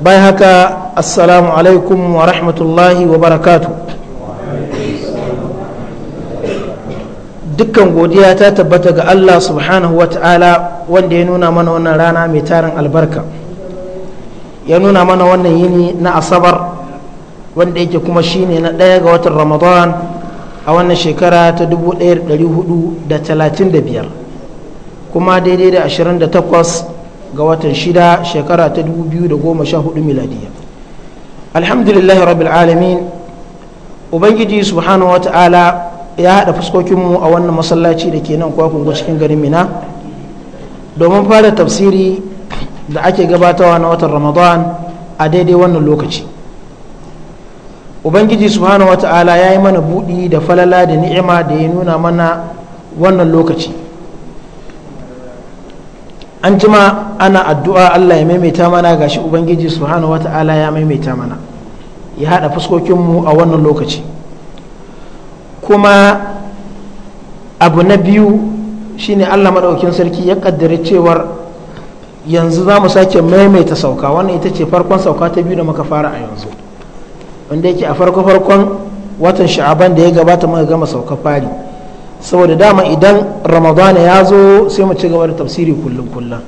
bai haka assalamu alaikum wa rahmatullahi wa barakatu dukkan godiya ta tabbata ga Allah subhanahu wa ta'ala wanda ya nuna mana wannan rana mai tarin albarka ya nuna mana wannan yini na asabar wanda yake kuma shine na ɗaya ga watan ramadan a wannan shekara ta 1435 kuma daidai da 28 ga watan shida shekara ta da goma 2014 miladiya alhamdulillahi rabbil alamin ubangiji subhanahu wata'ala ya haɗa fuskokinmu a wannan masallaci da ke nan kwakwungo cikin garin mina domin fara tafsiri da ake gabatawa na watan ramadan a daidai wannan lokaci ubangiji subhanahu wata'ala ya yi mana buɗi da falala da ni'ima da ya nuna mana wannan lokaci an jima ana addu'a Allah ya maimaita mana gashi ubangiji su subhanahu wata'ala ya maimaita mana ya haɗa fuskokinmu a wannan lokaci kuma abu na biyu shine Allah maɗaukin sarki ya ƙaddare cewar yanzu za mu sake maimaita sauka wannan ita ce farkon sauka ta biyu da muka fara a yanzu wanda yake a farko farkon watan sha'aban da ya gabata muka gama sauka fari saboda dama idan ramadana ya zo sai mu ci gaba da tafsiri kullum kullum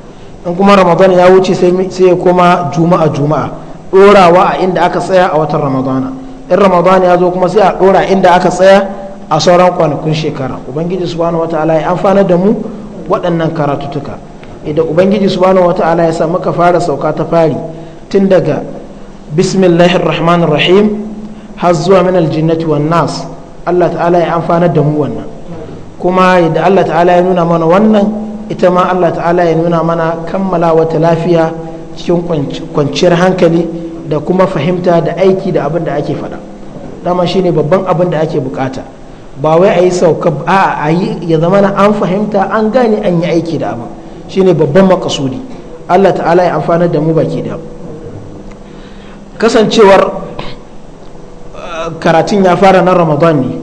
in kuma ramadan ya wuce sai ya koma juma'a juma'a dorawa a inda aka tsaya a watan ramadana in ramadan ya zo kuma sai a dora inda aka tsaya a sauran kwanakun shekara ubangiji subhanahu wataala ya amfana da mu waɗannan karatutuka idan ubangiji subhanahu wataala ya sa muka fara sauka ta fari tun daga bismillahir rahmanir rahim har zuwa min aljinnati wan nas Allah ta'ala ya amfana da mu wannan kuma yadda Allah ta'ala ya nuna mana wannan ita ma Allah ta'ala ya nuna mana kammala wata lafiya cikin kwanciyar hankali da kuma fahimta da aiki da abin da ake faɗa dama ne babban abin da ake bukata ba wai a yi sauka a a yi ya zama na an fahimta an gane an yi aiki da abin Shi ne babban makasudi Allah ta'ala ya amfana da mu baki da kasancewar eh, karatun ya fara na ramadan ne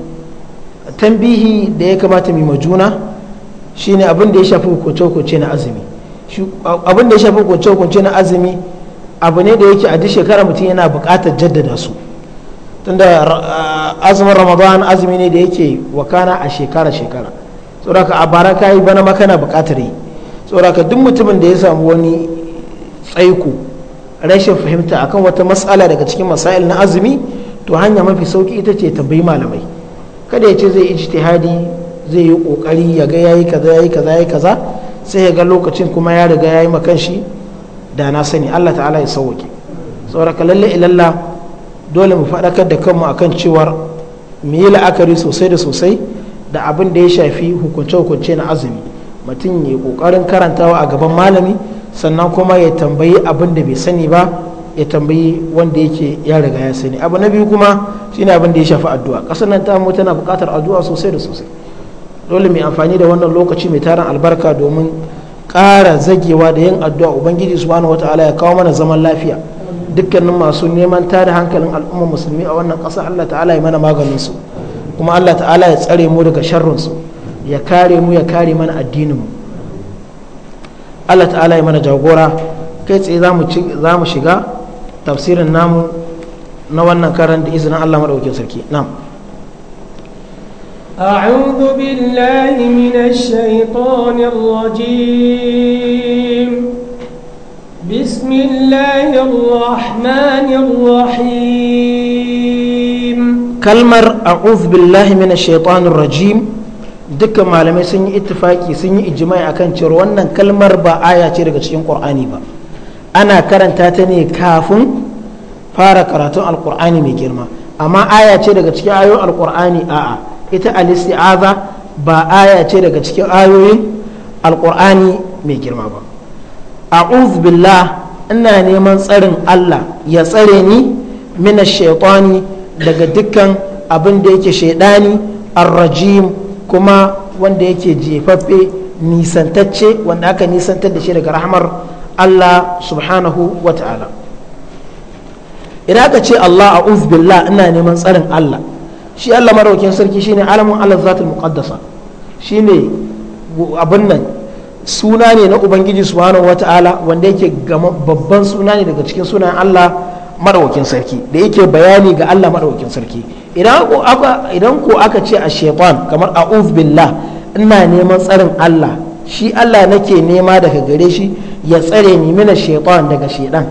tambihi da ya kamata mai majuna shine abin da ya shafi hukunce-hukunce na azumi abin da ya shafi hukunce-hukunce na azumi abu ne da yake a duk shekara mutum yana buƙatar jaddada su tunda azumin ramadan azumi ne da yake wakana a shekara-shekara tsoraka a bara ka yi bana makana buƙatar yi tsoraka duk mutumin da ya samu wani tsaiko rashin fahimta akan wata matsala daga cikin masail na azumi to hanya mafi sauki ita ce tambayi malamai kada ya ce zai ijtihadi zai yi kokari ya ga yayi kaza yayi kaza yayi kaza sai ya ga lokacin kuma ya riga yayi makan shi da na sani Allah ta'ala ya sauke sauraka lalle ilalla dole mu faɗakar da kanmu akan cewar mu yi la'akari sosai da sosai da abin da ya shafi hukunce-hukunce na azumi mutum ya kokarin karantawa a gaban malami sannan kuma ya tambayi abin da bai sani ba ya tambayi wanda yake ya riga ya sani abu na biyu kuma shi ne abin da ya shafi addu'a ƙasar nan ta mu tana buƙatar addu'a sosai da sosai dole mai amfani da wannan lokaci mai taron albarka domin ƙara zagewa da yin addu'a ubangiji subhanahu wataala ya kawo mana zaman lafiya dukkanin masu neman tada hankalin al'ummar musulmi a wannan ƙasa Allah ta'ala ya mana maganin su kuma Allah ta'ala ya tsare mu daga sharrin su ya kare mu ya kare mana addinin mu Allah ta'ala ya mana jagora kai tsaye za mu shiga tafsirin namu na wannan karan da izinin Allah madaukakin sarki na'am أعوذ بالله من الشيطان الرجيم بسم الله الرحمن الرحيم كلمر أعوذ بالله من الشيطان الرجيم dukkan malamai sun yi ittifaki sun yi ijma'i akan cewar wannan kalmar ba aya ce daga cikin qur'ani ba ana karanta ta ne kafin fara karatun alkur'ani mai girma amma aya ce daga cikin ayoyin alkur'ani a'a ita alisti aza ba aya ce daga cikin ayoyin alkur'ani mai girma ba a billah ina neman tsarin Allah ya tsare ni mina shaitani daga dukkan abin da yake shaidani arrajim kuma wanda yake jefaffe nisantacce wanda aka nisantar da shi daga rahmar Allah subhanahu wa ta'ala idan aka ce Allah a billah ina neman tsarin Allah shi Allah maraukin sarki shine alamun Allah zatul muqaddasa ne abin nan suna ne na ubangiji subhanahu ta'ala wanda yake babban suna ne daga cikin sunan Allah maraukin sarki da yake bayani ga Allah maraukin sarki idan ko aka ce a shekwan kamar a billah ina neman tsarin Allah shi Allah nake nema daga gare shi ya tsare ni mina shaitan daga shaitan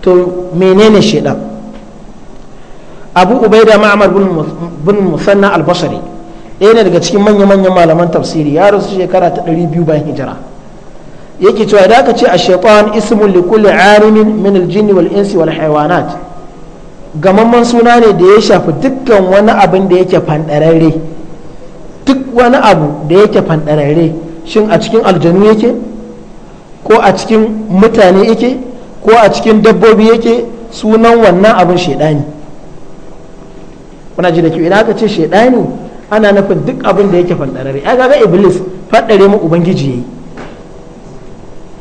to menene shaitan abu ubaida ma'amar bin musanna al-basri ɗaya ne daga cikin manya-manyan malaman tafsiri ya rasu shekara ta 200 bayan hijira yake cewa da aka ce a shaitan ismun li kulli alimin min al wal insi wal haywanat gamamman suna ne da ya shafi dukkan wani abin da yake fandararre duk wani abu da yake fandararre shin a cikin aljanu yake ko a cikin mutane yake ko a cikin dabbobi yake sunan wannan abin shaidani kuna ji da kyau idan aka ce shaidani ana nufin duk abin da yake fanɗarare ya ga iblis fadare mu ubangiji yayi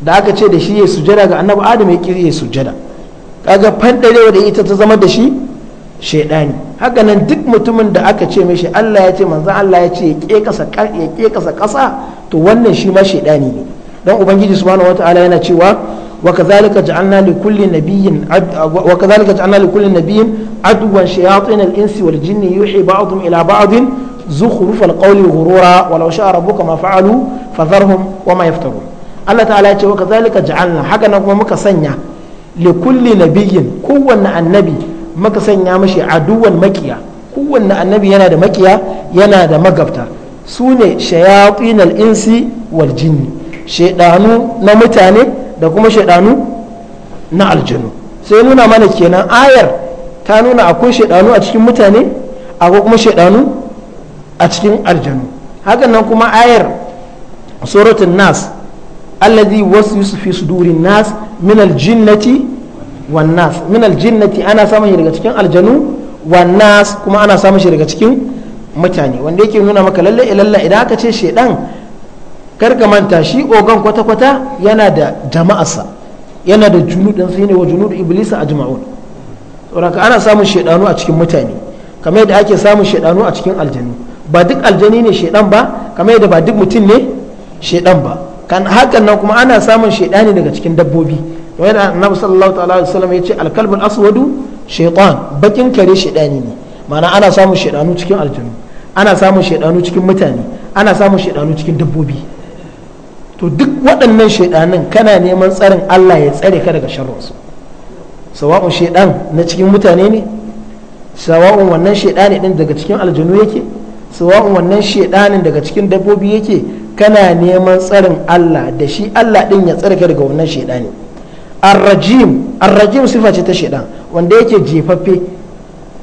da aka ce da shi ya sujada ga annabi adam ya kiri ya sujada kaga fadare da ita ta zama da shi shaidani hakanan duk mutumin da aka ce mishi Allah ya ce manzan Allah ya ce ya kekasa kasa to wannan shi ma shaidani ne don ubangiji subhanahu wataala yana cewa wa kadhalika ja'alna li kulli nabiyyin wa kadhalika kulli nabiyyin adwan shayatin al-insi wal jinni yuhi ba'dhum ila ba'dhin zukhruf al-qawli ghurura wa law sha'a rabbuka ma fa'alu wa ma yaftarun Allah ta'ala ya ce wa kadhalika ja'alna haka nan kuma muka sanya li kulli nabiyyin kowanne annabi maka sanya mashi aduwan makiya kowanne annabi yana da makiya yana da magabta su ne shayatin insi wal jinni shaidanu na mutane da kuma shaidanu na aljanu sai nuna mana kenan ayar ta nuna akwai shaidanu a cikin mutane akwai kuma shaidanu a cikin aljanu hakan nan kuma ayar suratun nas alladhi wasu fi sudurin nas min aljinnati wan min aljinnati ana samun shi daga cikin aljanu wan kuma ana samun shi daga cikin mutane wanda yake nuna maka lalle ilalla eh, idan aka ce shedan karka manta shi ogan kwata kwata yana da jama'arsa yana da junudin sai ne wa junud iblis ajma'un saboda ana samun shedanu a cikin mutane kamar yadda ake samun shedanu a cikin aljanu ba duk aljani ne shedan ba kamar yadda ba duk mutum ne shedan ba kan hakan nan kuma ana samun shedani daga cikin dabbobi kamar da annabi sallallahu ta'ala wa sallam ya ce alkalbul aswadu shekwan bakin kare shaydani ne mana ana samun shaydanu cikin aljanu ana samun shaydanu cikin mutane ana samun shaydanu cikin dabbobi to duk waɗannan shaidanin kana neman tsarin Allah ya tsare ka daga sharrinsu sawa'un shaidan na cikin mutane ne sawa'un wannan shaidani din daga cikin aljanu yake sawa'un wannan shaidanin daga cikin dabbobi yake kana neman tsarin Allah da shi Allah din ya tsare ka daga wannan shaidani arrajim arrajim sifa ce ta shaidan wanda yake jefaffe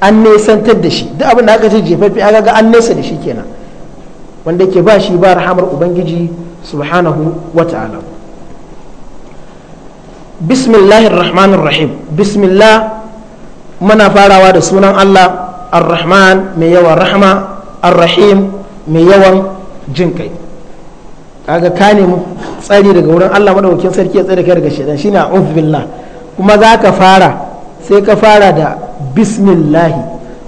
an nesantar da shi duk abin da aka ce jefaffe aka ga an nesa da shi kenan wanda yake ba shi ba rahamar ubangiji subhanahu wa ta'ala rahman rahmanir rahim bismillah muna farawa da sunan Allah ar-rahman mai yawan rahama ar-rahim mai yawan jinkai kaga ka nemi tsari daga wurin Allah madaukakin sarki ya tsare ka daga shaitan shine a'udhu billah kuma za ka fara sai ka fara da bismillah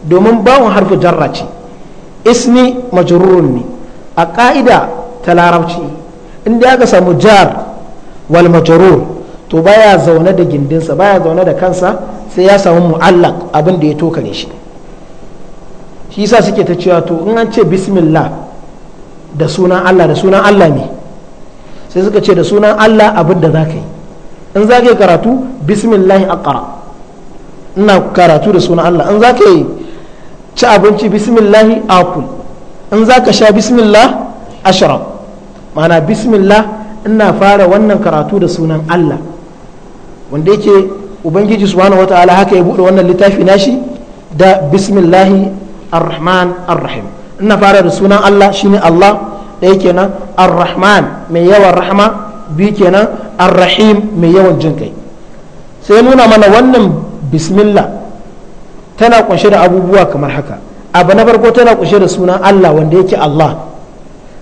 domin bawon harfu jarra ce ismi majrurun ne a ka'ida ta larabci inda aka samu jar wal majrur to baya zaune da gindinsa baya zaune da kansa sai ya samu mu'allaq abin da ya tokare shi shi yasa suke ta cewa to in an ce bismillah da sunan Allah da sunan Allah ne sai suka ce da sunan Allah abin da za ka yi in za ka yi karatu bismillahi aqra ina karatu da sunan Allah in za ka yi ci abinci bismillahi akul in za ka sha bismillah ashrab ma'ana bismillah ina fara wannan karatu da sunan Allah wanda yake ubangiji subhanahu wataala haka ya bude wannan littafi nashi da rahman arrahman rahim. ina fara da sunan Allah shine Allah ɗaya kenan ar-rahman mai yawan rahma biyu kenan ar-rahim mai yawan jin kai sai nuna mana wannan bismillah tana kunshe da abubuwa kamar haka abu na farko tana kunshe da sunan Allah wanda yake Allah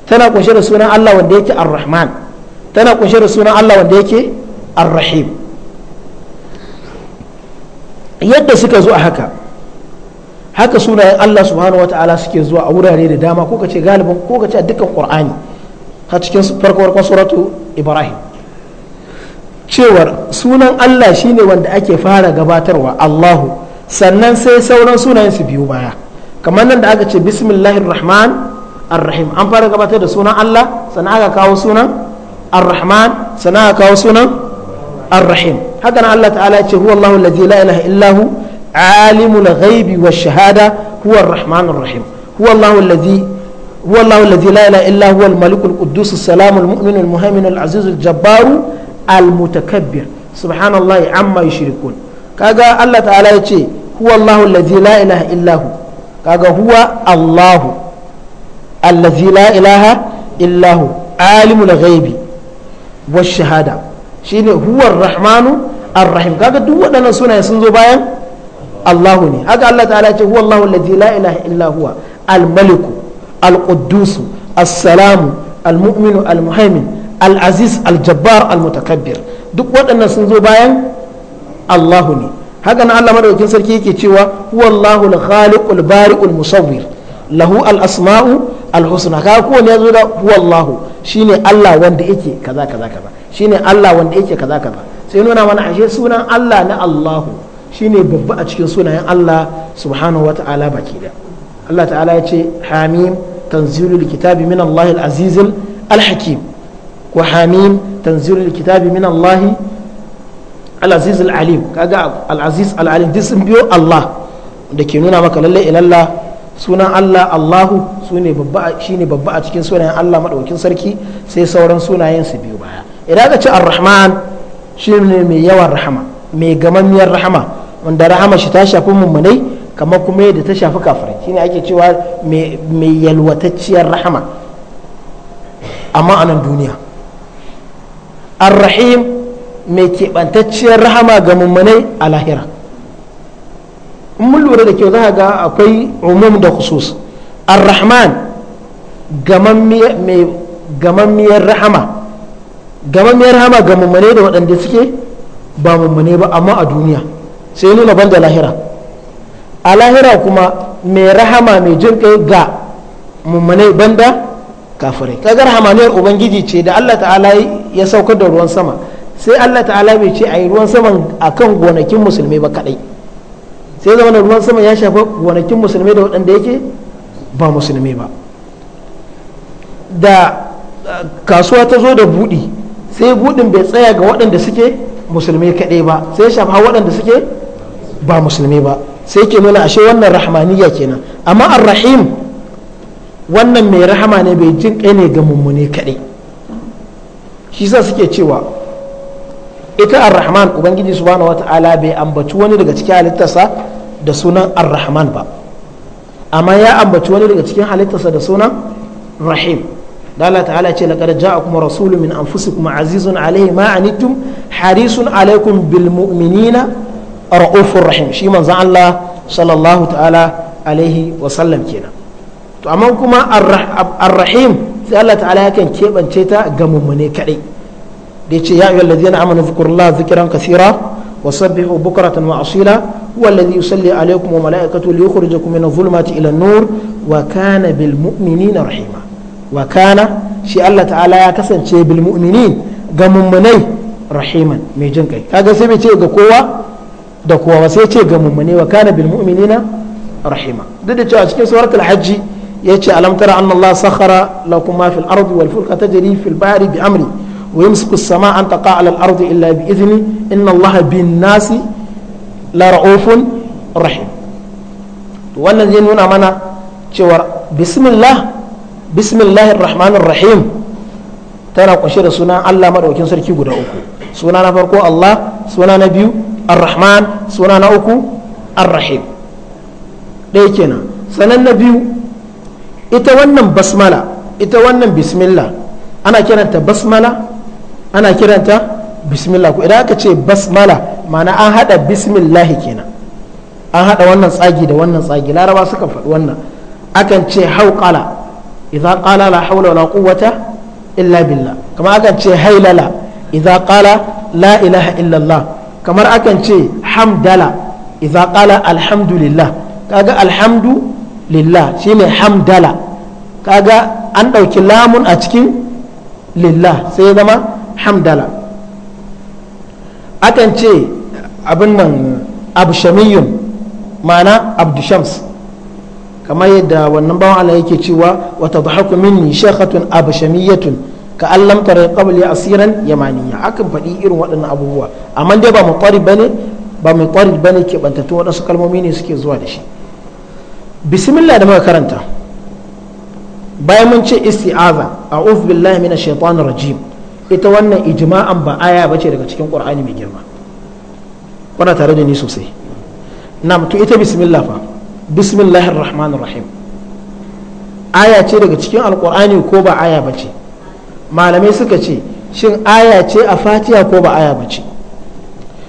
tana kunshe da sunan Allah wanda yake ar-rahman tana kunshe da sunan Allah wanda yake ar-rahim yadda suka zo a haka haka sunayen Allah subhanahu wata'ala suke zuwa a wurare da dama ko kace galibin ko kace a dukkan Qur'ani har cikin farko farkon suratu Ibrahim cewar sunan Allah shine wanda ake fara gabatarwa Allahu sannan sai sauran sunayen su biyu baya kamar nan da aka ce bismillahir rahman arrahim an fara gabatar da sunan Allah sannan aka kawo sunan arrahman sannan aka kawo sunan arrahim haka nan Allah ta'ala ya ce huwa Allahu allazi la ilaha illahu. alimul ghaibi wa shahada huwa ar-rahmanur rahim huwa Allahu alladhi هو الله الذي لا اله الا هو الملك القدوس السلام المؤمن المهيمن العزيز الجبار المتكبر سبحان الله عما يشركون كاغا الله تعالى يتي هو الله الذي لا اله الا هو كاغا هو الله الذي لا اله الا هو عالم الغيب والشهاده شيء هو الرحمن الرحيم كاغا دو ودانا سنه سن زو بايان Allahu ne haka Allah ta'ala ce huwa Allahu allazi la ilaha illa huwa al-maliku al-quddus as-salamu al-mu'minu al aziz al-jabbar al-mutakabbir duk waɗannan sun zo bayan Allahu ne haka na Allah madaukakin sarki yake cewa huwa Allahu al-khaliqul bari'ul musawwir lahu al-asma'u al-husna ka ko ne zo da huwa shine Allah wanda yake kaza kaza kaza shine Allah wanda yake kaza kaza sai nuna mana ashe sunan Allah na Allahu shine babba a cikin sunayen Allah subhanahu wata'ala baki da Allah ta'ala ya ce hamim tanzilul kitabi min Allah al-azizil al-hakim wa hamim tanzilul kitabi min Allah al-aziz al-alim kaga al-aziz al-alim duk sun biyo Allah da ke nuna maka lalle ilallah sunan Allah Allahu sune babba shine babba a cikin sunayen Allah madaukin sarki sai sauran sunayen su biyo baya idan ka ce ar-rahman shine mai yawan rahama mai gamammiyar rahama wanda rahama shi ta shafi mummunai kamar kuma yadda ta shafi kafirai shine ake cewa mai yalwatacciyar rahama amma a nan duniya ar-rahim mai keɓantacciyar rahama ga mummunai a lahira in mun lura da kyau za ga akwai umum da khusus ar-rahman gamammiyar rahama gamammiyar rahama ga mummune da waɗanda suke ba mummune ba amma a duniya sai nuna banda lahira a lahira kuma mai rahama mai jin kai ga mummanai banda kafirai kagar hamaniyar ubangiji ce da allah ta'ala ya saukar da ruwan sama sai allah ta'ala bai ce a yi ruwan a kan gonakin musulmi ba kadai sai zama ruwan sama ya shafa gonakin musulmi da waɗanda yake ba musulmi ba da eh, kasuwa ta zo da buɗi sai buɗin bai tsaya ga waɗanda suke musulmi kaɗai ba sai ya shafa waɗanda suke ba musulmi ba sai ke nuna ashe wannan rahmaniya kenan amma ar-rahim wannan mai rahama ne bai jin kai ne ga mummune kaɗai shi sa suke cewa ita ar-rahman ubangiji subhanahu wata'ala bai ambaci wani daga cikin halittarsa da sunan ar-rahman ba amma ya ambaci wani daga cikin halittarsa da sunan rahim da Allah ta'ala ce laqad ja'akum rasulun min anfusikum azizun alayhi ma anittum harisun alaykum bil mu'minina ra'ufur rahim shi manzan Allah sallallahu ta'ala alaihi wasallam kenan to amma kuma ar-rahim sai Allah ta'ala yakan kebance ta ga mummune kadai da yace ya ayyuhal ladzina amanu zukurullah zikran kaseera wa sabbihu bukratan wa asila huwa alladhi yusalli alaykum wa malaikatu liyukhrijakum min adh-dhulumati ila nur wakana kana bil rahima wakana kana shi Allah ta'ala ya kasance bil mu'minin ga mummune rahiman mai jin kai kaga sai bai ce ga kowa da kowa ba sai ce ga mummune wa kana bil mu'minina rahima duk da cewa cikin suratul hajji yace alam tara anna Allah sakhara lakum ma fil ardi wal fulka tajri fil bahri bi amri wa yamsiku as-samaa an taqa'a al illa bi idhni inna Allah bin nasi la ra'ufun rahim wannan zai nuna mana cewa bismillah bismillahir rahmanir rahim tana kunshe da sunan Allah madaukin sarki guda uku suna na farko Allah suna na biyu ar suna na uku ar-rahim ɗaya kenan sanan na biyu ita wannan basmala ita wannan bismillah ana kiranta basmala ana kiranta bismillah ko idan aka ce basmala ma'ana an haɗa bismillah kenan an hada wannan tsagi da wannan tsagi laraba suka faɗi wannan akan ce hauqala idza qala la hawla wala quwwata illa billah kama akan ce hailala idza qala la ilaha illallah kamar akan ce hamdala idza qala alhamdulillah kaga alhamdulillah shine hamdala kaga an ɗauki lamun a cikin lillah sai ya zama hamdala akan ce abin nan abshamiyun ma'ana abdushams kamar yadda wannan bawan Allah yake cewa wata dhahaku minni shekhatun abshamiyatun ka allam tare qabli asiran yamaniya akan faɗi irin waɗannan abubuwa amma dai ba mu bane ba ba ne ke bantattu waɗansu kalmomi ne suke zuwa da shi bismillah da muka karanta bayan mun ce isti'aza a'udhu billahi minash shaitanir rajim ita wannan ijma'an ba aya bace daga cikin qur'ani mai girma kuna tare da ni sosai na to ita bismillah fa bismillahir rahmanir rahim aya ce daga cikin Alkur'ani ko ba aya bace malamai suka ce shin aya ce a fatiha ko ba aya ba ce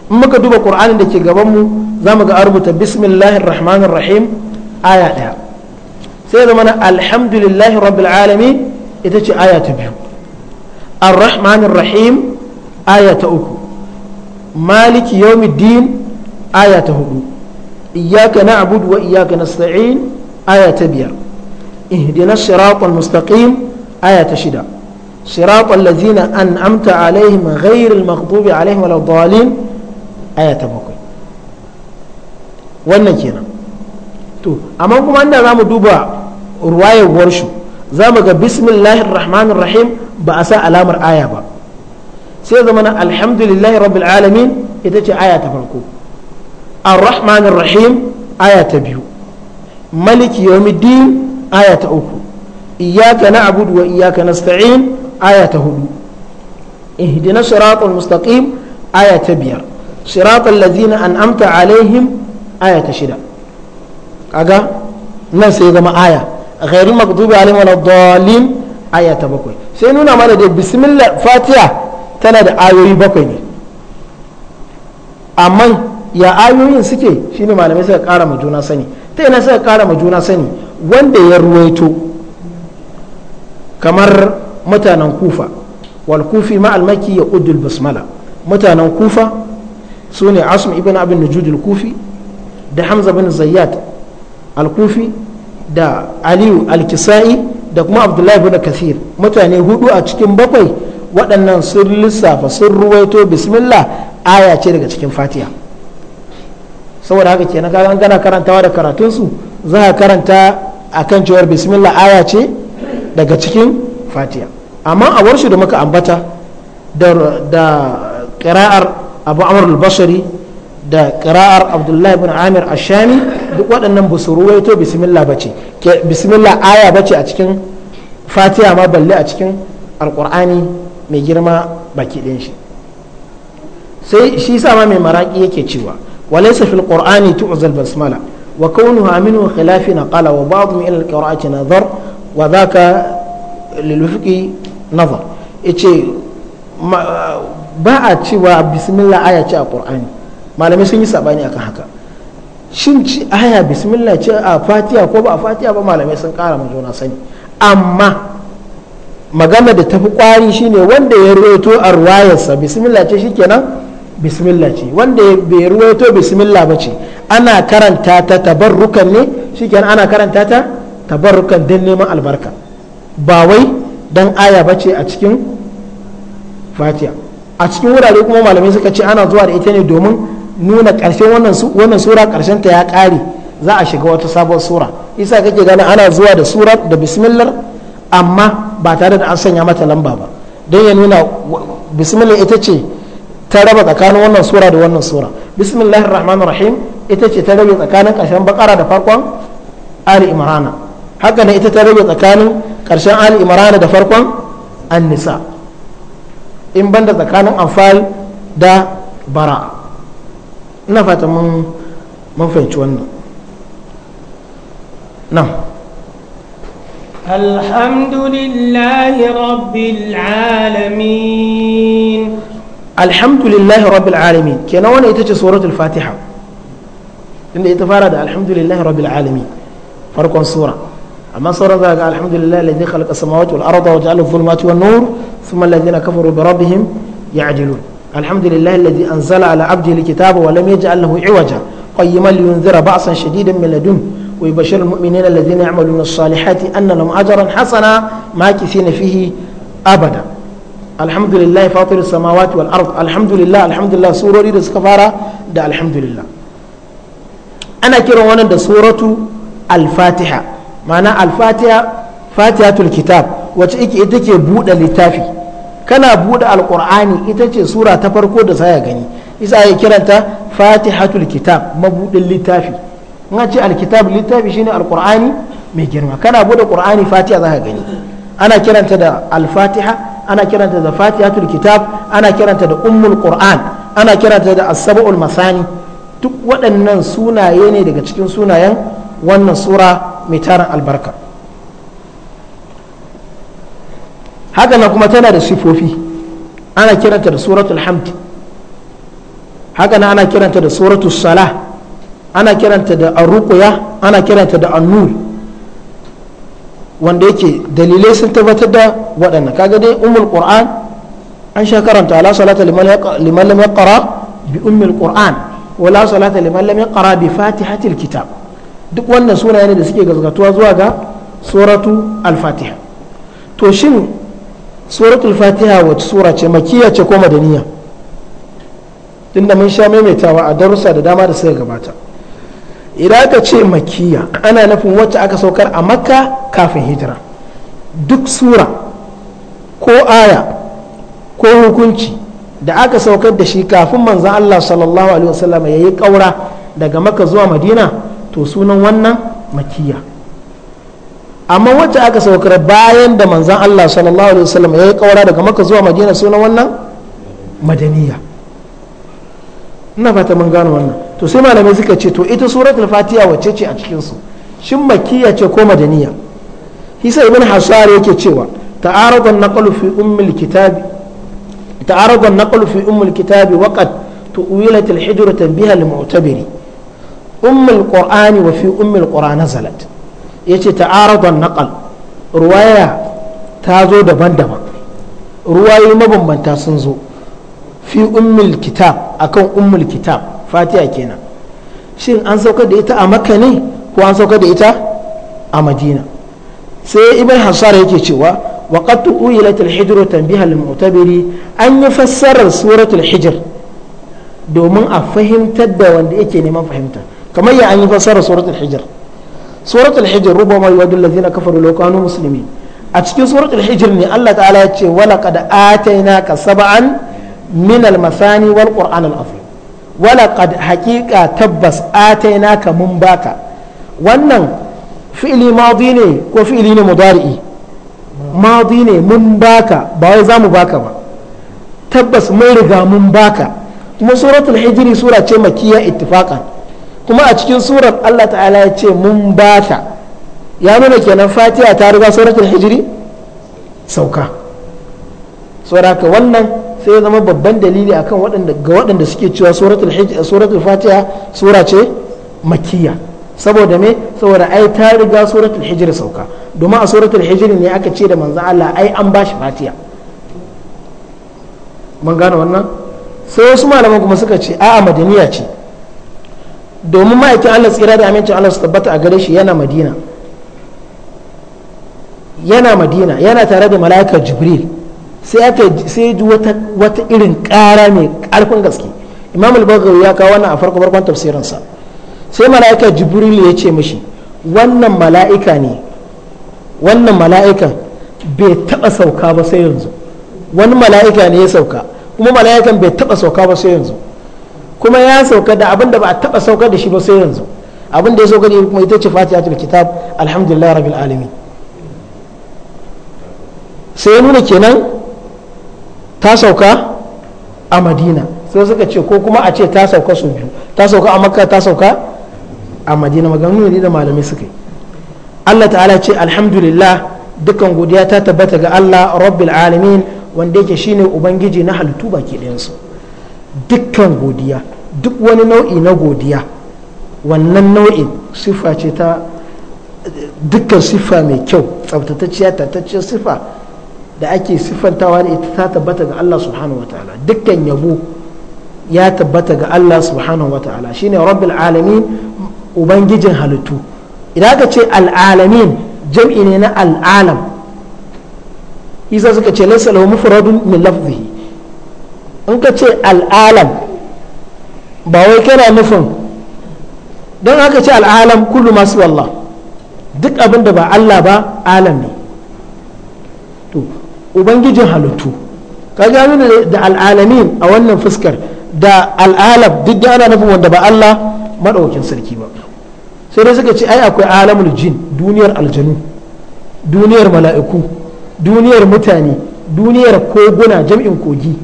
in muka duba ƙur'anin da ke gabanmu za mu ga rubuta bismillahir rahmanir rahim aya ɗaya sai zama na alhamdulillahi rabbil alamin ita ce aya ta biyu ar-rahmanir rahim aya ta uku maliki yawmiddin aya ta hudu iyyaka na'budu wa iyyaka nasta'in aya ta biyar ihdinas siratal mustaqim aya ta shida صراط الذين أنعمت عليهم غير المغضوب عليهم ولا الضالين آية bakwai wannan kenan amma kuma inda za duba ruwayar warshu za ga bismillahir rahmanir rahim ba a sa alamar aya ba sai zama na alhamdulillahi rabbil alamin ita ce aya ta farko rahmanir rahim aya ta biyu maliki yawmiddin aya ta uku iyyaka abudu wa iyyaka nasta'in aya ta hudu ihdina siratal mustaqim aya ta biyar siratal an an'amta alaihim aya ta shida kaga nan sai zama aya ghairul maghdubi alaihim waladdallin aya ta bakwai sai nuna mana da bismillah fatiha tana da ayoyi bakwai ne amma ya ayoyin suke shine malamai suka kara mu juna sani ta ina suka kara ma juna sani wanda ya ruwaito kamar mutanen kufa wal kufi ma almaki ya uddul basmala mutanen kufa su ne asim ibn abin da kufi da hamza bin zayyad al-kufi da aliyu al-kisa'i da kuma abdullahi bin kathir mutane hudu a cikin bakwai waɗannan sun lissafa sun ruwaito bismillah aya ce daga cikin fatiha saboda haka kenan kaga an gana karantawa da karatunsu za a karanta akan cewar bismillah aya ce daga cikin Fatiya amma a warshe da muka ambata da ƙira'ar abu amur al da ƙira'ar abdullahi bin amir ashami duk waɗannan ba su ruwaito bismillah ba ce bismillah aya ba ce a cikin fatiya ma balle a cikin alƙur'ani mai girma baki ɗin shi sai shi sa ma mai maraƙi yake cewa walaysa fil qur'ani tu'zal basmala wa kaunuha minhu khilafina qala wa ba'dhum ila al-qira'ati nadhar wa dhaka lilfiqi nazar yace ba a cewa bismillah aya ce a qur'ani malamai sun yi sabani akan haka shin ci aya bismillah ce a fatiya ko ba a fatiya ba malamai sun kara mu juna sani amma magana da tafi kwari shine wanda ya ruwaito a ruwayarsa bismillah ce shikenan bismillah ce wanda bai ruwaito bismillah ba ce ana karanta ta tabarrukan ne shikenan ana karanta ta tabarrukan don neman albarka ba wai dan aya ba ce a cikin Fatiya a cikin wurare kuma malamai suka ce ana zuwa da ita ne domin nuna ƙarshen wannan sura ƙarshen ta ya ƙare za a shiga wata sabon sura isa kake gani ana zuwa da surar da bismillar amma ba tare da an sanya mata lamba ba don ya nuna bismillah ita ce ta raba tsakanin wannan sura da wannan sura bismillahir rahman rahim ita ce ta rabe tsakanin ƙarshen bakara da farkon ari imrana haka ne ita ta rage tsakanin ƙarshen ali imrana da farkon an-nisa in banda tsakanin anfal da bara ina fata mun fahimci wannan nan الحمد لله رب العالمين الحمد لله رب العالمين كنا وانا يتجي سورة الفاتحة إن يتفارد الحمد لله رب أما قال الحمد لله الذي خلق السماوات والأرض وجعل الظلمات والنور ثم الذين كفروا بربهم يعدلون الحمد لله الذي أنزل على عبده الكتاب ولم يجعل له عوجا قيما لينذر بعصا شديدا من لدنه ويبشر المؤمنين الذين يعملون الصالحات أن لهم أجرا حسنا ماكثين فيه أبدا الحمد لله فاطر السماوات والأرض الحمد لله الحمد لله سورة رزق فارة ده الحمد لله أنا كرونا ده سورة الفاتحة ma'ana al-fatiha fatihatul kitab wacce ita ke buɗe littafi kana buɗe alƙur'ani ita ce sura ta farko da saya gani isa ya kiranta fatihatul kitab mabuɗin littafi in ce alkitab littafi shine alƙur'ani mai girma kana buɗe ƙur'ani fatiha za ka gani ana kiranta da alfatiha ana kiranta da fatihatul kitab ana kiranta da ummul ƙur'an ana kiranta da as masani duk waɗannan sunaye ne daga cikin sunayen wannan sura mai tarin albarka haka nan kuma tana da sifofi ana kiranta da suratul hamd haka nan ana kiranta da suratul salah ana kiranta da arruquya ana kiranta da annur wanda yake dalilai sun tabbatar da waɗannan kaga dai ummul qur'an an sha karanta ala salata liman lam yaqra bi ummul qur'an wala salata liman lam yaqra bi fatihatil kitab duk wannan sunaye ne da suke gazgatuwa zuwa ga suratu al-fatiha to shin suratu al-fatiha wace sura ce makiyya ce ko madaniya tunda mun sha maimaitawa a darussa da dama da suka gabata idan aka ce makiyya ana nufin wacce aka saukar a makka kafin hijira duk sura ko aya ko hukunci da aka saukar da shi kafin manzan Allah sallallahu alaihi wasallam ya yi ƙaura daga maka zuwa madina to sunan wannan makiya amma wacce aka saukar bayan da manzan Allah sallallahu alaihi wasallam ya yi kaura daga maka zuwa madina sunan wannan madaniya ina fata mun gano wannan to sai malamai suka ce to ita suratul fatiha wacce ce a cikin su shin makiya ce ko madaniya hisa ibn hasar yake cewa ta'arada naqlu fi ummil kitabi ta'arada naqlu fi ummil kitabi waqad tu'ilat al-hijratu biha lil-mu'tabiri ummul qur'ani wa fi ummul qur'an nazalat yace ta'aradun naqal ruwaya ta zo daban-daban ruwayoyi mabambanta sun zo fi ummul kitab akan ummul kitab fatiha kenan shin an saukar da ita a makka ko an saukar da ita a madina sai ibn hasara yake cewa wa qad tu'ilat al-hijr tanbiha lil-mu'tabiri an yafassara suratul hijr domin a fahimtar da wanda yake neman fahimta kamar ya an yi fasara suratul hijr suratul hijr rubama yuwadul ladina kafaru law kanu muslimin a cikin suratul hijr ne Allah ta'ala ya ce wala qad atainaka sab'an min al masani wal qur'an al azim wala qad haqiqa tabbas atainaka mun baka wannan fi'li madi ne ko fi'li ne mudari'i madi ne mun baka ba wai zamu baka ba tabbas mun riga mun baka kuma suratul hijri sura ce makiyya ittifaqan kuma a cikin surar Allah ta'ala ya ce mun ba ta ya nuna kenan fatiha ta riga suratul hijri sauka sauraka wannan sai zama babban dalili akan waɗanda ga waɗanda suke cewa suratul suratul fatiha sura ce makkiya saboda me saboda ai ta riga suratul hijri sauka domin a suratul hijri ne aka ce da manzo Allah ai an ba shi fatiha mun gane wannan sai wasu malaman kuma suka ce a'a madaniya ce domin ma'aikin Allah tsira da amincin Allah su tabbata a gare shi yana madina yana madina yana tare da mala'ika jibril sai ya sai ji wata wata irin ƙara mai ƙarfin gaske imam al ya kawo wannan a farko farkon tafsirinsa sai mala'ika jibril ya ce mishi wannan mala'ika ne wannan mala'ikan bai taba sauka ba sai yanzu wani mala'ika ne ya sauka kuma mala'ikan bai taba sauka ba sai yanzu kuma ya sauka da abin da ba a taba saukar da shi ba sai yanzu abin da ya sauka da kuma ita ce fatihatul kitab alhamdulillah rabbil alamin sai ya nuna kenan ta sauka a madina sai suka ce ko kuma a ce ta sauka su biyu ta sauka a makka ta sauka a madina maganganu ne da malamai suka yi allah ta'ala ce alhamdulillah dukkan godiya ta tabbata ga allah rabbil alamin wanda yake shine ubangiji na halittu baki ɗayansu dukkan godiya duk wani nau'i na godiya wannan nau'in sifa ce ta dukkan sifa mai kyau tsabtatacciya tatacciyar sifa da ake siffantawa da ita ta tabbata ga Allah subhanahu wa ta'ala dukkan yabo ya tabbata ga Allah subhanahu wa ta'ala shine rabbil alamin ubangijin halittu idan aka ce al'alamin jam'i ne na al'alam isa suka ce laysa lahu mufradun min lafzihi in ka ce al'alam ba wai kana nufin don aka ce al'alam kullu masu wallah duk abin da ba Allah ba alam ne to ubangijin halittu ka gano da al'alamin a wannan fuskar da al'alam duk da ana nufin wanda ba Allah maɗaukin sarki ba sai dai suka ce ai akwai alamul jin duniyar aljanu duniyar mala'iku duniyar mutane duniyar koguna jam'in kogi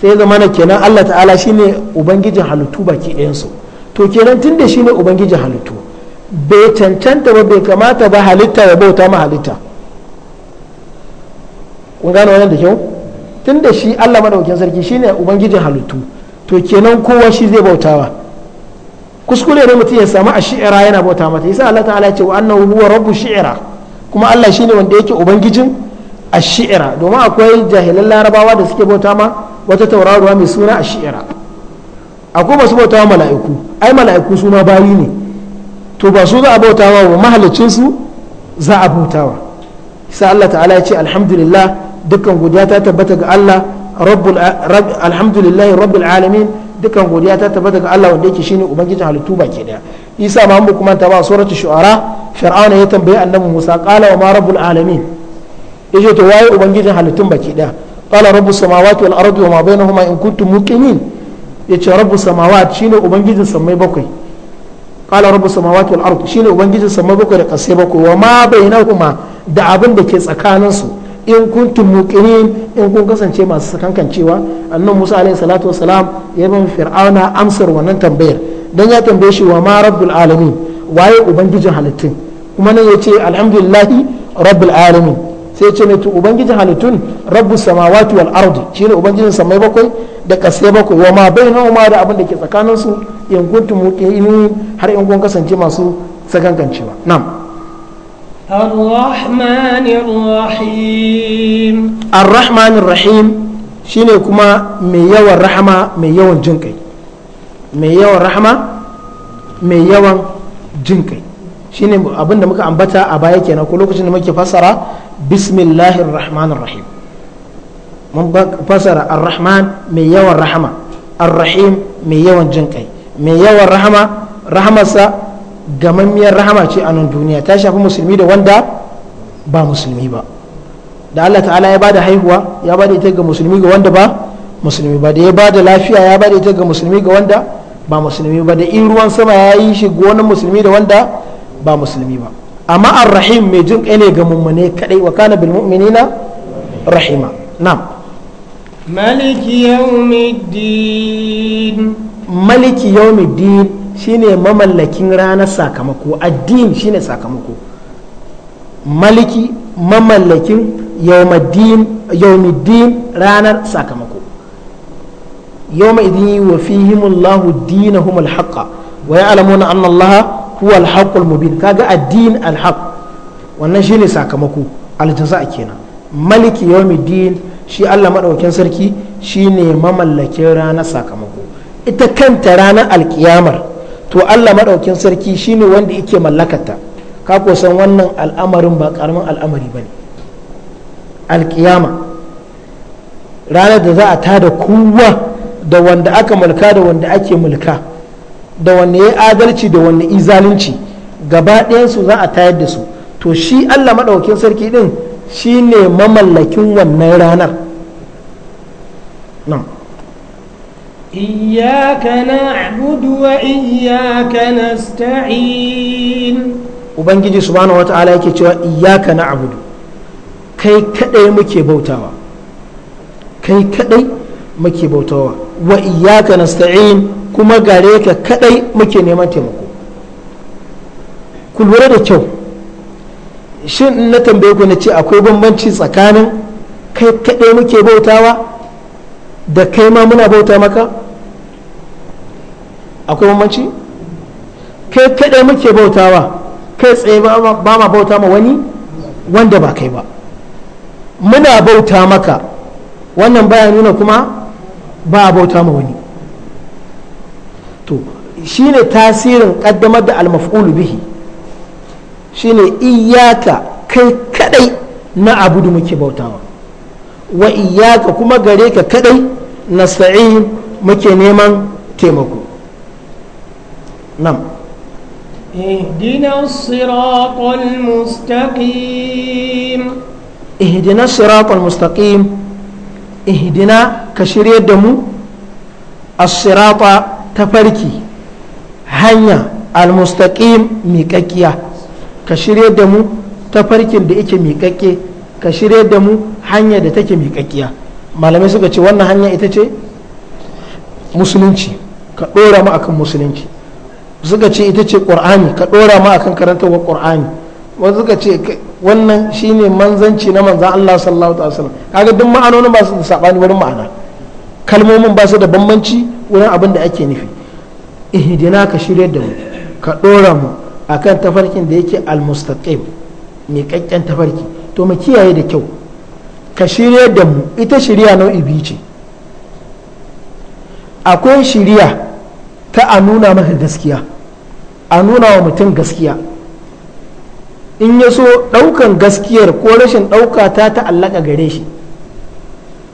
sai zama na kenan Allah ta'ala shine ubangijin halittu baki ɗayansu to kenan tun da shine ubangijin halittu bai cancanta ba bai kamata ba halitta ya bauta ma halitta kun gane wannan da kyau tun da shi Allah madaukakin sarki shine ubangijin halittu to kenan kowa shi zai bautawa kuskure ne mutum ya samu a shi'ira yana bauta mata yasa Allah ta'ala ce wa annahu huwa rabbu shi'ira kuma Allah shine wanda yake ubangijin a shi'ira domin akwai jahilan larabawa da suke bauta ma wata tauraruwa mai suna a shi'ira akwai masu bautawa mala'iku ai mala'iku su ma bayi ne to ba su za a bautawa wa mahalicin su za a bautawa sai Allah ta'ala ya ce alhamdulillah dukkan godiya ta tabbata ga Allah rabbul alhamdulillah rabbil alamin dukkan godiya ta tabbata ga Allah wanda yake shine ubangijin halittu ke daya Isa ma mu kuma ta ba suratu shu'ara fir'auna ya tambayi annabi Musa qala wa ma rabbul alamin yace to waye ubangijin halittun baki daya qala rabbus samawati wal ardi wa ma bainahuma in kuntum muqinin yace rabbus samawati shine ubangijin samai bakwai qala rabbus samawati wal ardi shine ubangijin samai bakwai da kasai bakwai wa ma bainahuma da abin da ke tsakanin su in kuntum muqinin in kun kasance masu sakankancewa annabi Musa alaihi salatu wassalam ya bin fir'auna amsar wannan tambayar dan ya tambaye shi wa ma rabbul alamin waye ubangijin halittun kuma nan yace alhamdulillahi rabbil alamin sai ce mai to ubangijin halittun rabbu samawati wal ardi shine ubangijin samai bakwai da kasai bakwai wa ma bainahuma da abin da ke tsakanin su in kuntum muqinin har in kun kasance masu sagangancewa na'am al الرحيم الرحمن الرحيم shine kuma mai yawan rahama mai yawan jinkai mai mai yawan jinkai shine abin da muka ambata a baya kenan ko lokacin da muke fassara bismillahir rahmanir rahim mun fassara ar-rahman mai yawan rahama ar-rahim mai yawan jin kai mai yawan rahama rahamarsa gamammiyar rahama ce a nan duniya ta shafi musulmi da wanda ba musulmi ba da Allah ta'ala ya bada haihuwa ya bada ita ga musulmi ga wanda ba musulmi ba da ya bada lafiya ya bada ita ga musulmi ga wanda ba musulmi ba da in ruwan sama ya yi shi ga wani musulmi da wanda ba musulmi ba amma ar-rahim mai jin kai ne ga mummune kadai wa kana bil mu'minina rahima na'am maliki yawmiddin maliki yawmiddin shine mamallakin ranar sakamako addin shine sakamako maliki mamallakin yawmiddin ranar sakamako yawma idin wa fihimullahu dinahum alhaqa wa ya'lamuna anna allaha huwa alhaqul mubin kaga addin alhaq wannan shine sakamako aljaza kenan maliki yawmiddin shi Allah madaukakin sarki shine mamallakin ranar sakamako ita kanta ranar alkiyamar to Allah madaukakin sarki shine wanda yake mallakata ka san wannan al'amarin ba karamin al'amari bane alkiyama ranar da za a tada kowa da wanda aka mulka da wanda ake mulka da wanne ya adalci da wanne izalunci gaba ɗayansu za a tayar da su to shi allah maɗaukin sarki ɗin shi ne mamallakin wannan ranar nan iyaka abudu wa iyaka na sta'in ubangiji subhanahu wata'ala yake cewa iyaka na abudu kai kaɗai muke bautawa kai kaɗai muke bautawa wa iyaka nasta'in kuma gare ka kadai muke neman taimako ku lura da kyau shin na tambaye ku na ce akwai bambanci tsakanin kai kadai muke bautawa da kai ma muna bauta maka akwai bambanci kai kadai muke bautawa kai tsaye ba ma bauta ma wani wanda ba kai ba muna bauta maka wannan baya nuna kuma ba a bauta ma wani to shine tasirin kaddamar da almaf'ulu bihi shine iyaka kai kadai na abudu muke bautawa wa iyaka kuma gare ka kadai nasta'in muke neman taimako nan اهدنا الصراط mustaqim. اهدنا الصراط mustaqim. ihdina ka shirye da mu asirata ta farki hanya al miƙaƙiya ka shirye da mu ta farkin da yake miƙaƙe ka shirye da mu hanya da take miƙaƙiya malamai suka ce wannan hanya ita ce musulunci ka ɗora mu akan musulunci suka ce ita ce ƙur'ani ka ɗora mu akan karantarwar ƙur'ani wasu suka ce wannan shine manzanci na manzan Allah sallallahu alaihi wasallam kaga duk ma'anonin ba su da sabani wurin ma'ana kalmomin ba su da bambanci wurin abin da ake nufi ihdina ka shirye da mu ka dora mu akan tafarkin da yake almustaqim mai kakken tafarki to mu kiyaye da kyau ka shirye da mu ita shirya nau'i biyu ce akwai shirya ta a nuna maka gaskiya a nuna wa mutum gaskiya in ya so ɗaukan gaskiyar ko rashin ɗauka ta ta'allaka gare shi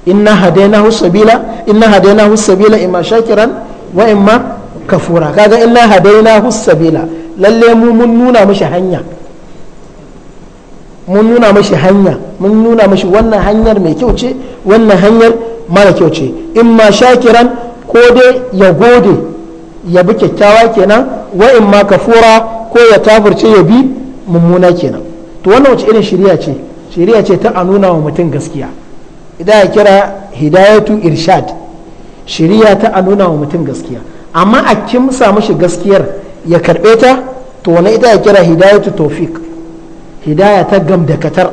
inna hadainahu sabila inna hadainahu sabila imma shakiran wa imma kafura kaga inna hadainahu sabila lalle mu mun nuna mashi hanya mun nuna mashi hanya mun nuna mashi wannan hanyar mai kyau ce wannan hanyar mara kyau ce imma shakiran ko dai ya gode ya bi kyakkyawa kenan wa imma kafura ko ya taburce ya bi mummuna kenan to wannan wace irin shari'a ce shari'a ce ta a nuna wa mutum gaskiya idan ya kira hidayatu irshad shari'a ta a nuna wa mutum gaskiya amma a samu shi gaskiyar ya karbe ta to wani idan ya kira hidayatu tawfiq hidaya ta gamdakatar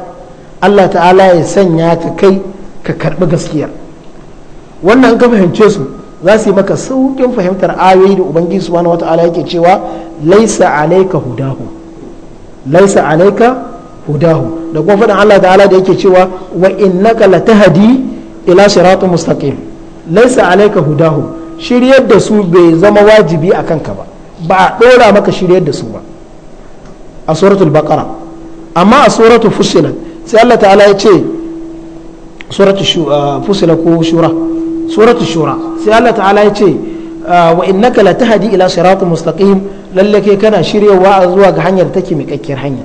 Allah ta'ala ya sanya ta kai ka karbi gaskiyar wannan ka fahimce su za su yi maka sauƙin fahimtar ayoyi da ubangiji subhanahu wata'ala yake cewa laisa ka hudahu laisa alaika hudahu da kuma faɗin Allah ta'ala da yake cewa wa innaka latahdi ila siratin mustaqim laisa alaika hudahu shiryar da su bai zama wajibi a kanka ba ba a ɗora maka shiryar da su ba a suratul baqara amma a suratul fusilat sai Allah ta'ala ya ce suratul ah, fusila ko shura suratul shura sai Allah ta'ala ya ce ah, wa innaka latahdi ila siratin mustaqim lalle kai kana shiryawa zuwa ga hanyar take mai kakkiyar hanya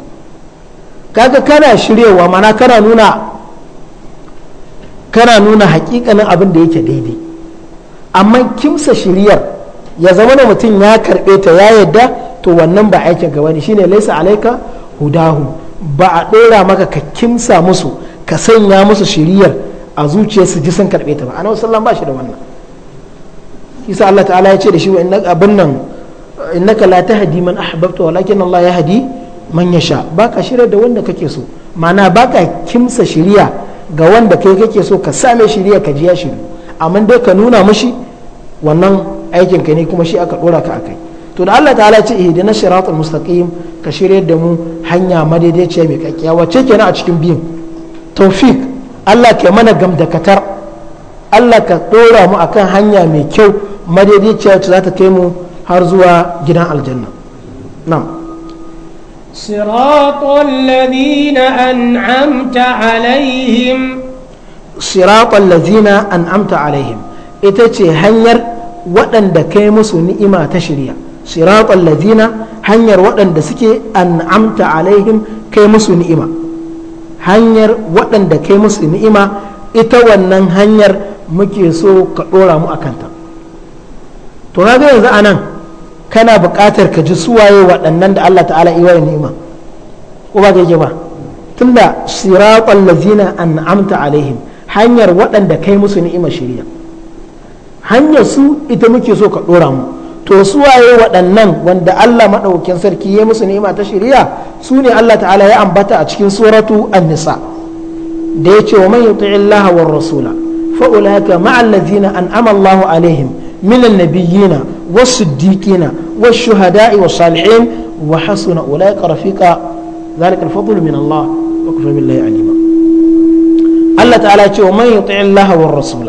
kaga kana shiryawa mana kana nuna kana nuna hakikanin abin da yake daidai amma kimsa shiryar ya zama da mutum ya karɓe ta ya yadda to wannan ba aikin gaba ne shine laisa alaika hudahu ba a ɗora maka ka kimsa musu ka sanya musu shiryar a su ji sun karɓe ta ba annabi sallallahu ba shi da wannan isa Allah ta'ala ya ce da shi wa abin nan innaka la tahdi man ahbabta walakin Allah hadi man yasha baka shirya da wanda kake so ma'ana baka kimsa shirya ga wanda kai kake so ka same shirya ka ji ya shiru amma dai ka nuna mashi wannan aikin ka ne kuma shi aka dora ka akai to da Allah ta'ala ce ihdina siratal mustaqim ka shirya da mu hanya madaidaiciya mai kakkiya wacce kenan a cikin biyun tawfik Allah ke mana gamdakatar Allah ka dora mu akan hanya mai kyau madaidaiciya wacce za ta kai mu har zuwa gidan aljanna nam siratun lazina an amta alaihim ita ce hanyar waɗanda kai musu ni'ima ta shirya siratun lazina hanyar waɗanda suke an amta alaihim kai musu ni'ima hanyar waɗanda kai musu ni'ima ita wannan hanyar muke so ka ɗora mu a kanta to na kaga yanzu a nan kana buƙatar ka ji suwaye waɗannan da Allah ta'ala iwaye ni'ima ko ba kai ba tunda siratal ladzina an'amta alaihim hanyar waɗanda kai musu ni'ima shirya hanyar su ita muke so ka ɗora mu to suwaye waɗannan wanda Allah maɗaukin sarki ya musu ni'ima ta shirya su ne Allah ta'ala ya ambata a cikin suratu an-nisa da ya ce wa man yuti'illaha war rasula fa ulaika ma'al ladzina an'ama Allahu alaihim من النبيين والصديقين والشهداء والصالحين وحسن أولئك رفيقا ذلك الفضل من الله وكفى بالله عليما الله تعالى يقول ومن يطع الله والرسول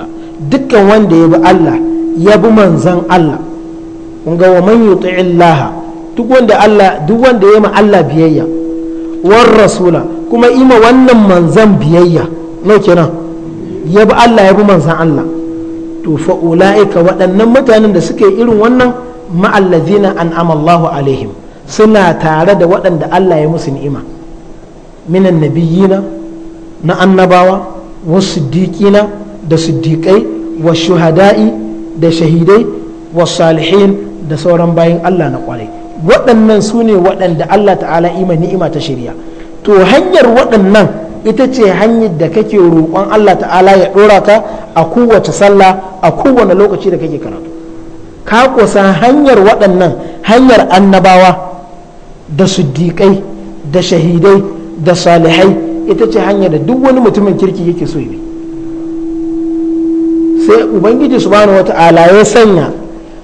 دكا وان دي الله يبو من زن الله ومن يطع الله duk wanda Allah duk wanda ya ma Allah biyayya war rasula kuma ima wannan manzan biyayya no kenan ya bi Allah ya bi manzan Allah to fa waɗannan mutanen da suke irin wannan ma'allazina an'ama Allahu alaihim suna tare da waɗanda Allah ya musu ni'ima minan nabiyina na annabawa wa siddiqina da siddiƙai wa shuhada'i da shahidai wa salihin da sauran bayan Allah na kwarai waɗannan su ne waɗanda Allah ta'ala ima ni'ima ta shirya to hanyar waɗannan ita ce hanyar da kake roƙon Allah ta'ala ya ɗora ta a kowace sallah a kowane lokaci da kake karatu ka kusa hanyar waɗannan hanyar annabawa da suddiƙai da shahidai da salihai ita ce hanyar da duk wani mutumin kirki yake so bi sai ubangiji subhanahu wata'ala ya sanya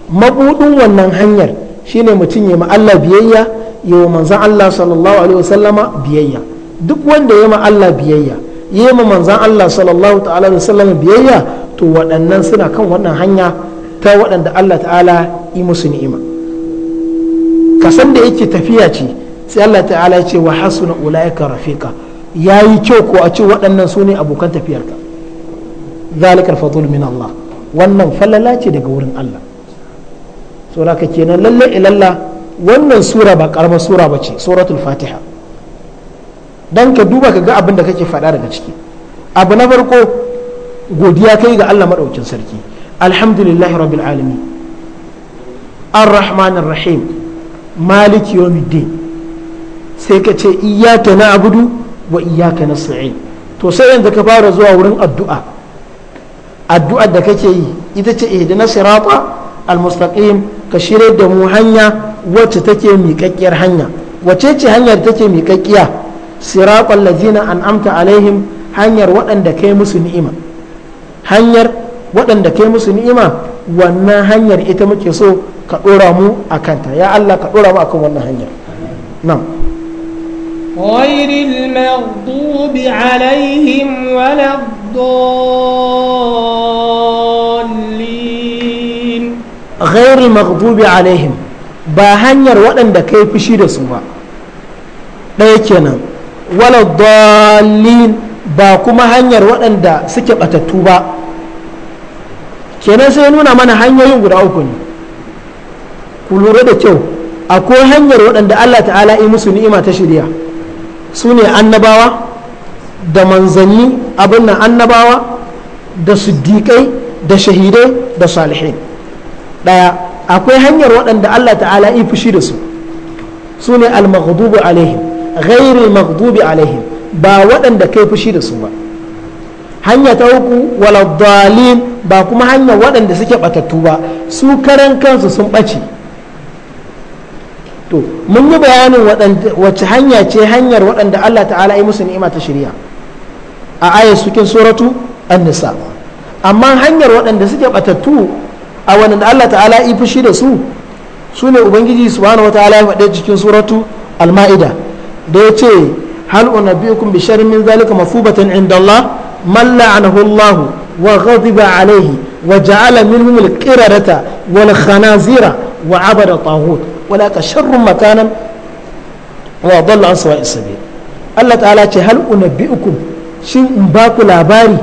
mabudin wannan hanyar shine mutum ya ma Allah biyayya ya wa manzan Allah sallallahu alaihi wasallama biyayya duk wanda ya ma Allah biyayya ya ma manzan Allah sallallahu ta'ala biyayya to waɗannan suna kan wannan hanya ta waɗanda Allah ta'ala yi musu ni'ima kasan da yake tafiya ce sai Allah ta'ala ya ce wa hasuna ulaika rafiqa yayi kyau ko a ce waɗannan su ne abokan tafiyarka zalikar fadl min Allah wannan falala ce daga wurin Allah saboda kenan lalle ilalla wannan sura ba karamar sura ce suratul fatiha don ka duba ka ga abin da kake faɗa daga ciki abu na farko godiya kai ga Allah maɗaukin sarki alhamdulillahi rabbil alamin ar-rahmanir rahim maliki yawmiddin sai ka ce iyyaka na'budu wa iyyaka nasta'in to sai yanzu ka fara zuwa wurin addu'a addu'a da kake yi ita ce ihdina sirata al-mustaqim ka shirye da mu hanya wacce take miƙaƙƙiyar hanya wacce ce hanyar take miƙaƙƙiya siratal an amta alaihim hanyar waɗanda kai musu ni'ima hanyar waɗanda kai musu ni'ima wannan hanyar ita muke so ka ɗora mu a kanta ya Allah ka ɗora mu akan wannan hanyar nan غير المغضوب عليهم ولا الضالين غير المغضوب عليهم ba hanyar waɗanda kai fushi da su ba ɗaya kenan wala dalil ba kuma hanyar waɗanda suke ɓatattu ba kenan sai nuna mana hanyoyin guda uku ne ku lura da kyau akwai hanyar waɗanda Allah ta'ala yi musu ni'ima ta shirya su ne annabawa da manzanni abin nan annabawa da siddiƙai da shahidai da salihin ɗaya akwai hanyar waɗanda Allah ta'ala yi fushi da su su ne al-maghdubu alaihim ghairil maghdubi alaihim ba waɗanda kai fushi da su ba hanya ta uku wala dalin ba kuma hanya waɗanda suke batattu ba su karan kansu sun ɓace to mun yi bayanin wacce hanya ce hanyar waɗanda Allah ta'ala ya musu ni'ima ta shirya a ayar cikin suratu annisa amma hanyar waɗanda suke batattu a waɗanda Allah ta'ala ya fushi da su su ne ubangiji subhanahu Ta'ala ya faɗe cikin suratu al-ma'ida da ya ce hal unabiyukum bi sharrin min zalika masubatan inda Allah man la'anahu Allah wa ghadiba alayhi wa ja'ala minhum al-qiradata wal khanazira wa abada taghut wala ka sharrun makanan wa dalla an sawa'i sabil Allah ta'ala ce hal unabiyukum shin in ba ku labari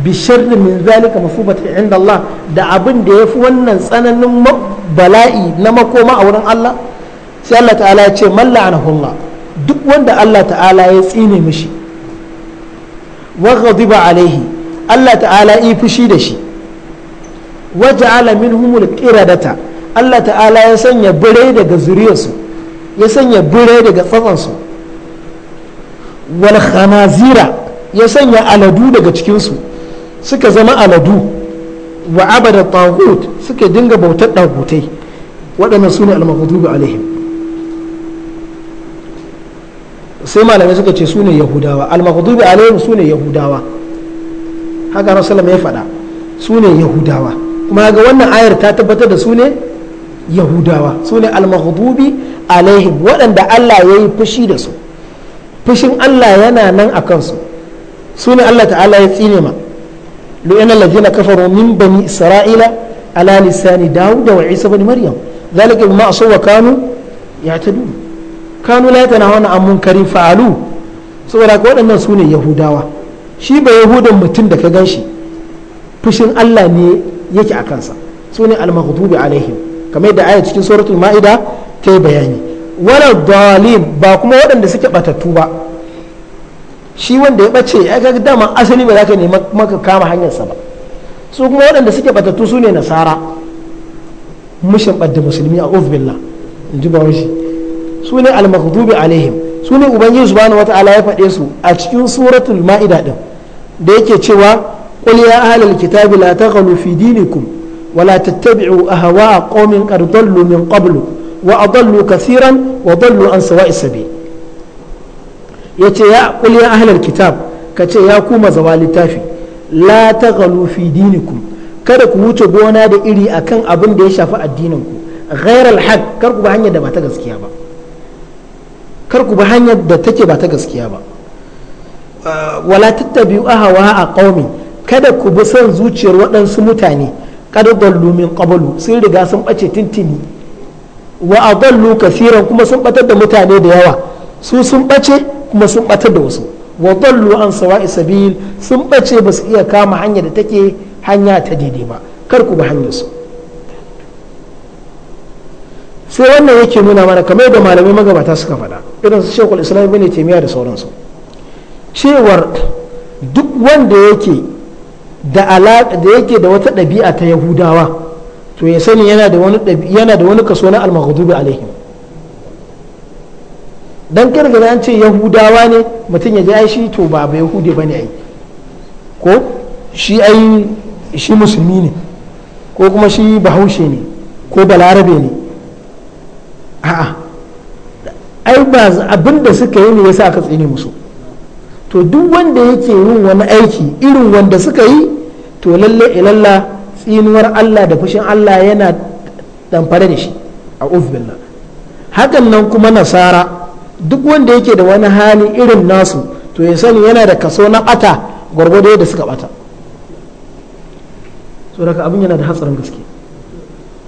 bi sharrin min zalika masubatan inda Allah da abin da yafi wannan tsananin bala'i na makoma a wurin Allah sai Allah ta'ala ce man la'anahu Allah duk wanda Allah ta'ala ya tsine mishi wa ghadiba alaihi Allah ta'ala yi fushi da shi wa ja'ala al qiradata Allah ta'ala ya sanya birai daga zuriyarsu ya sanya birai daga tsatsansu wal khanazira ya sanya aladu daga cikinsu suka zama aladu wa abada tagut suka dinga bautar dagutai waɗannan sune al-maghdubi alaihim sai malamai suka ce sune yahudawa al-maghdubi alaihim sune yahudawa haka rasulullah ya faɗa sune yahudawa kuma ga wannan ayar ta tabbatar da sune yahudawa sune al-maghdubi alaihim waɗanda Allah ya yi fushi da su fushin Allah yana nan a kansu sune Allah ta'ala ya tsine ma lu'ina alladhina kafaru min bani isra'ila ala lisani dawud wa isa ibn maryam zalika bima asaw wa kanu ya'tadun kanu la yatanahuna amun kari fa'alu saboda ka waɗannan su ne yahudawa shi ba yahudan mutum da ka gan shi fushin Allah ne yake a kansa su ne al-maghdubi alaihim kamar yadda aya cikin suratul ma'ida ta yi bayani wala ba kuma waɗanda suke batattu ba shi wanda ya bace ya ga dama asali ba za ka nema maka kama hanyarsa ba su kuma waɗanda suke batattu su ne nasara mushin ɓadda musulmi a uzbillah in ji ba shi su ne al alaihim su ne ubangiji subhanahu wata'ala ya faɗe su a cikin suratul ma'ida din da yake cewa qul ya ahlal kitabi la taghlu fi dinikum wa la tattabi'u ahwa'a qaumin qad dallu min qablu wa adallu kathiran wa dallu an sawa'is sabil yace ya qul ya ahlal kitab kace ya kuma zawa littafi la taghlu fi dinikum kada ku wuce gona da iri akan abin da ya shafi addinin ku ghairal haqq kar ku ba hanyar da ba ta gaskiya ba kar ku bi hanyar da take ba ta gaskiya ba wala tattabi'u ahwa a qaumi kada ku bi son zuciyar waɗansu mutane kada dallu min qablu sun riga sun bace tintini wa adallu kasiran kuma sun batar da mutane da yawa su sun bace kuma sun batar da wasu wa dallu an sawa'i sabil sun ɓace ba su iya kama hanya da take hanya ta daidai ba kar ku bi hanyar su sai wannan yake nuna mana kamar da malamai magabata suka faɗa irin su shekul islam ibn taimiyya da sauransu cewar duk wanda yake da alaƙa da yake da wata ɗabi'a ta yahudawa to ya sani yana da wani yana da wani kaso na al-maghdubi alaihim dan kirgin an ce yahudawa ne mutum ya ji ai shi to ba ba yahudi bane ai ko shi ai shi musulmi ne ko kuma shi bahaushe ne ko balarabe ne a'a ai ba abin da suka yi ne sa ka tsine musu to duk wanda yake yin wani aiki irin wanda suka yi to lalle ilalla tsinuwar Allah da fushin Allah yana damfare da shi a billah hakan nan kuma nasara duk wanda yake da wani hali irin nasu to ya sani yana da kaso na bata gwargwado da suka bata so daga abin yana da hatsarin gaske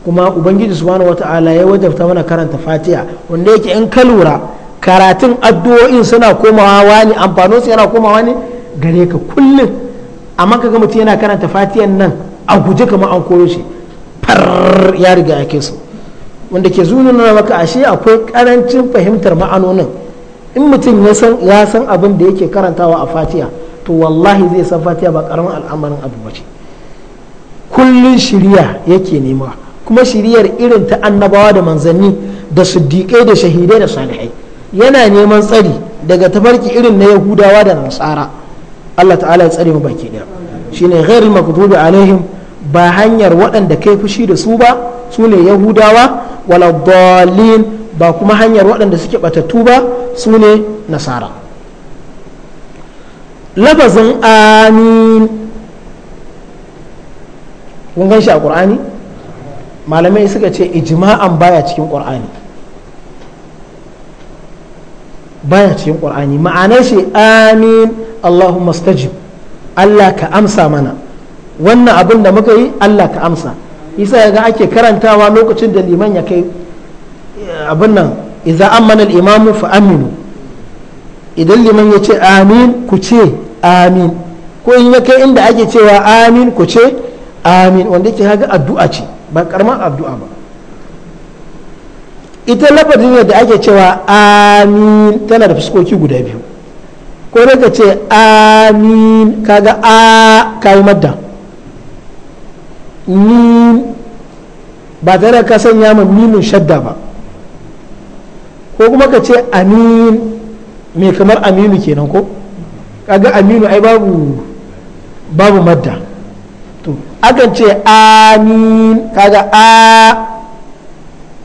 kuma ubangiji subhanahu wata'ala ya wajabta mana karanta fatiha wanda yake in ka lura karatun addu'o'in suna komawa wani amfanin su yana komawa ne gare ka kullum amma kaga mutum yana karanta fatiyan nan a guje kamar an koyo shi far ya riga yake so wanda ke nuna maka ashe akwai karancin fahimtar ma'anonin in mutum ya san abin da yake karantawa a fatiya to wallahi zai san fatiya ba karamin al'amarin abu ba ce kullum shirya yake nema kuma shiriyar irin ta annabawa da manzanni da siddiƙai da shahidai da salihai yana neman tsari daga tafarki irin na yahudawa da nasara Allah ta'ala ya tsare mu baki daya shine ghairul maghdubi alaihim ba hanyar waɗanda kai fushi da su ba su ne yahudawa wala ba kuma hanyar waɗanda suke batattu ba su ne nasara lafazin amin kun gan shi a ƙur'ani malamai suka ce ijma'an baya cikin qur'ani baya cikin qur'ani ma'anar shi amin allahumma stajib allah ka amsa mana wannan abin da muka yi allah ka amsa isa ga ake karantawa lokacin da liman ya kai eh, abin nan idan amana al-imamu fa aminu idan liman ya ce amin ku ce amin ko in ya kai inda ake cewa amin ku ce amin wanda yake haga addu'a ce ba karman addu'a ba ita lafazin ne da ake cewa amin tana da fuskoki guda biyu ko da ka ce amin kaga a kayi madda ni ba tare ka sanya ma minin shadda ba ko kuma ka ce amin mai kamar aminu kenan ko kaga aminu ai babu babu madda akan ce amin kaga a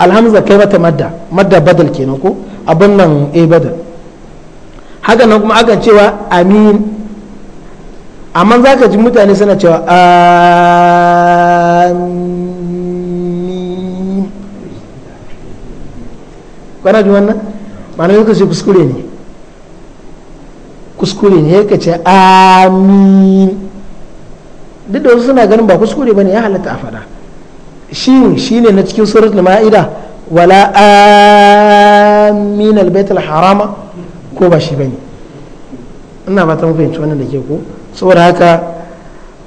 alhamza kai mata madda madda badal kenan ko abin nan a eh, badal haka nan kuma akan cewa amin amma za ka ji mutane suna cewa amin kwana ji wannan ma'ana yau kashe kuskure ne kuskure ne ya ce amin duk da wasu suna ganin ba kuskure ne ya halatta a fada shi ne na cikin suratul ma'ida wala amin albayt harama ko ba shi bane ina ba ta fahimci wannan da ke ko saboda haka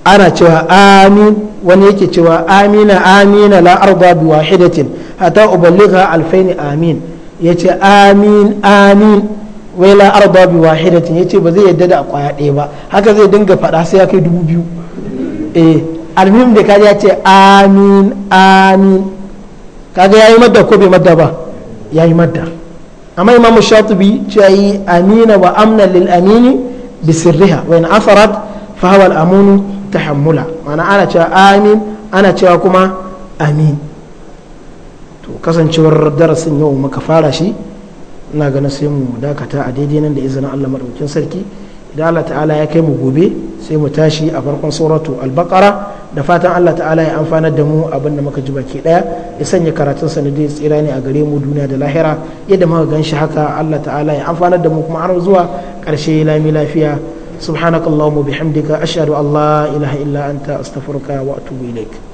ana cewa amin wani yake cewa amina amina la arda bi wahidatin hatta uballigha alfain amin yace amin amin wai la arda bi wahidatin yace ba zai yadda da kwaya ɗaya ba haka zai dinga faɗa sai ya kai dubu biyu eh almuhim da kaji ya ce amin amin kaga yayi madda ko bai madda ba yayi madda amma imamu shatibi cewa yi amina wa amna lil amini bi sirriha wa in asarat fa huwa al amunu tahammula ma'ana ana cewa amin ana cewa kuma amin to kasancewar darasin yau muka fara shi ina ganin sai mu dakata a daidai nan da izinin Allah madaukakin sarki da Allah ta'ala ya kai mu gobe sai mu tashi a farkon suratu al-baqara da fatan Allah ta'ala ya amfanar da mu abin da muka ji baki daya ya sanya karatun sa sanadin tsira ne a gare mu duniya da lahira yadda muka ganshi haka Allah ta'ala ya amfanar da mu kuma har zuwa karshe lami lafiya subhanakallahumma bihamdika ashhadu an la ilaha illa anta astaghfiruka wa atubu ilaik